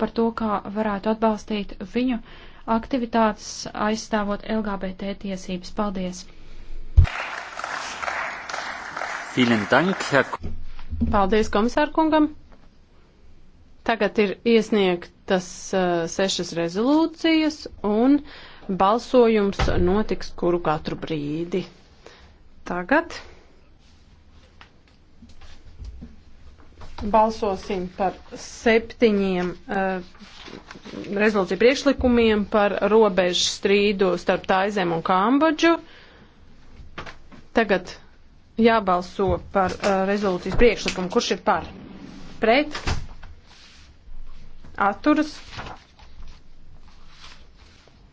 par to, kā varētu atbalstīt viņu aktivitātes aizstāvot LGBT tiesības. Paldies! Paldies komisārkungam! Tagad ir iesniegtas uh, sešas rezolūcijas un balsojums notiks kuru katru brīdi. Tagad. balsosim par septiņiem uh, eh, rezolūciju priekšlikumiem par robežu strīdu starp Taizem un Kambodžu. Tagad jābalso par uh, rezolūcijas priekšlikumu. Kurš ir par? Pret? Atturas?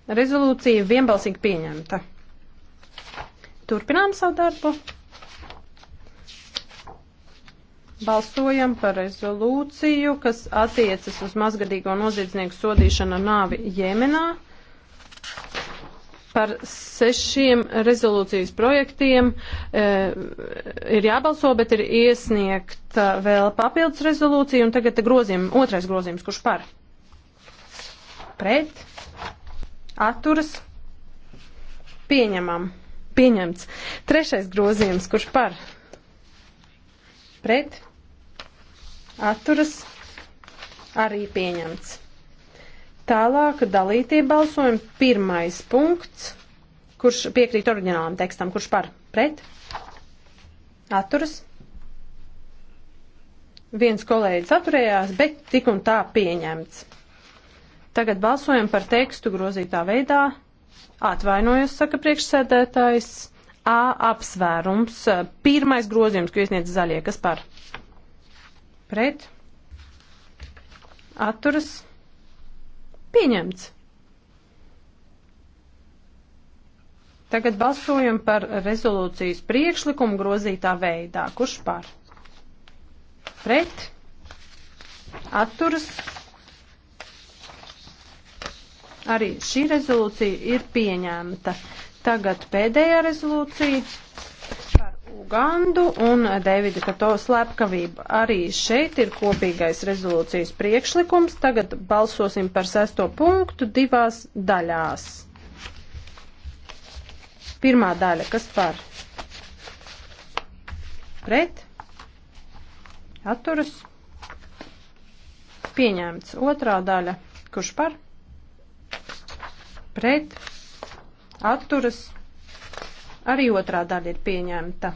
Rezolūcija vienbalsīgi pieņemta. Turpinām savu darbu. Balsojam par rezolūciju, kas attiecas uz mazgadīgo noziedznieku sodīšanu nāvi Jemenā. Par sešiem rezolūcijas projektiem e, ir jābalso, bet ir iesniegta vēl papildus rezolūcija, un tagad grozījum, otrais grozījums, kurš par? Pret? Atturas? Pieņemam. Pieņemts. Trešais grozījums, kurš par? Pret? atturas arī pieņemts. Tālāk dalītie balsojumi. Pirmais punkts, kurš piekrīt oriģinālam tekstam, kurš par pret atturas. Viens kolēģis atturējās, bet tik un tā pieņemts. Tagad balsojam par tekstu grozītā veidā. Atvainojos, saka priekšsēdētājs. A apsvērums. Pirmais grozījums, ko iesniedz zaļie, kas par? pret, atturas, pieņemts. Tagad balsojam par rezolūcijas priekšlikumu grozītā veidā. Kurš par? Pret, atturas. Arī šī rezolūcija ir pieņemta. Tagad pēdējā rezolūcija. Ugandu un Davida Katovas slepkavību. Arī šeit ir kopīgais rezolūcijas priekšlikums. Tagad balsosim par sesto punktu divās daļās. Pirmā daļa, kas par? Pret? Atturas? Pieņemts. Otrā daļa, kurš par? Pret? Atturas? Arī otrā daļa ir pieņemta.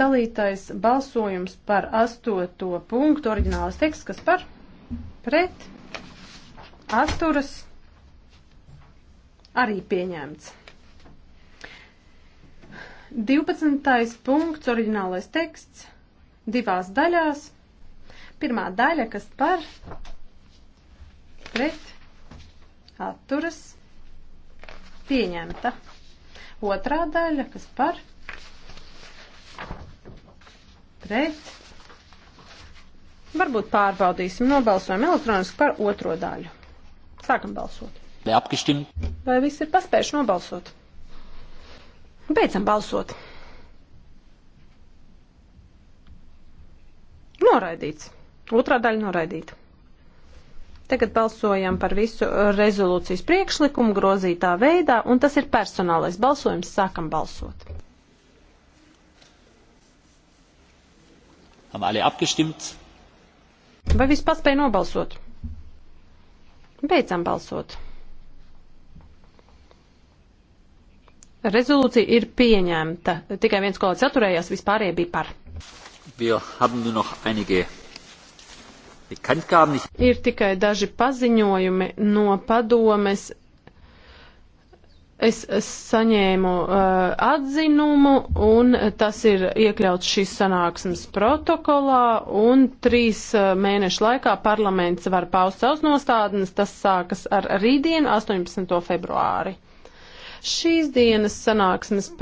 Dalītais balsojums par astoto punktu oriģinālas teksts, kas par pret atturas arī pieņemts. 12. punkts, oriģinālais teksts, divās daļās. Pirmā daļa, kas par pret atturas pieņemta. Otrā daļa, kas par pret. Varbūt pārbaudīsim, nobalsojam elektroniski par otro daļu. Sākam balsot. Vai viss ir paspējuši nobalsot? Beidzam balsot. Noraidīts. Otrā daļa noraidīta. Tagad balsojam par visu uh, rezolūcijas priekšlikumu grozītā veidā, un tas ir personālais balsojums. Sākam balsot. Vai viss paspēja nobalsot? Beidzam balsot. Rezolūcija ir pieņemta. Tikai viens kolēģis atturējās, vispārējie bija par. Wir haben nur noch einige Ir tikai daži paziņojumi no padomes. Es saņēmu uh, atzinumu, un tas ir iekļauts šīs sanāksmes protokolā, un trīs uh, mēnešu laikā parlaments var paust savus nostādnes. Tas sākas ar rītdienu, 18. februāri. Šīs dienas sanāksmes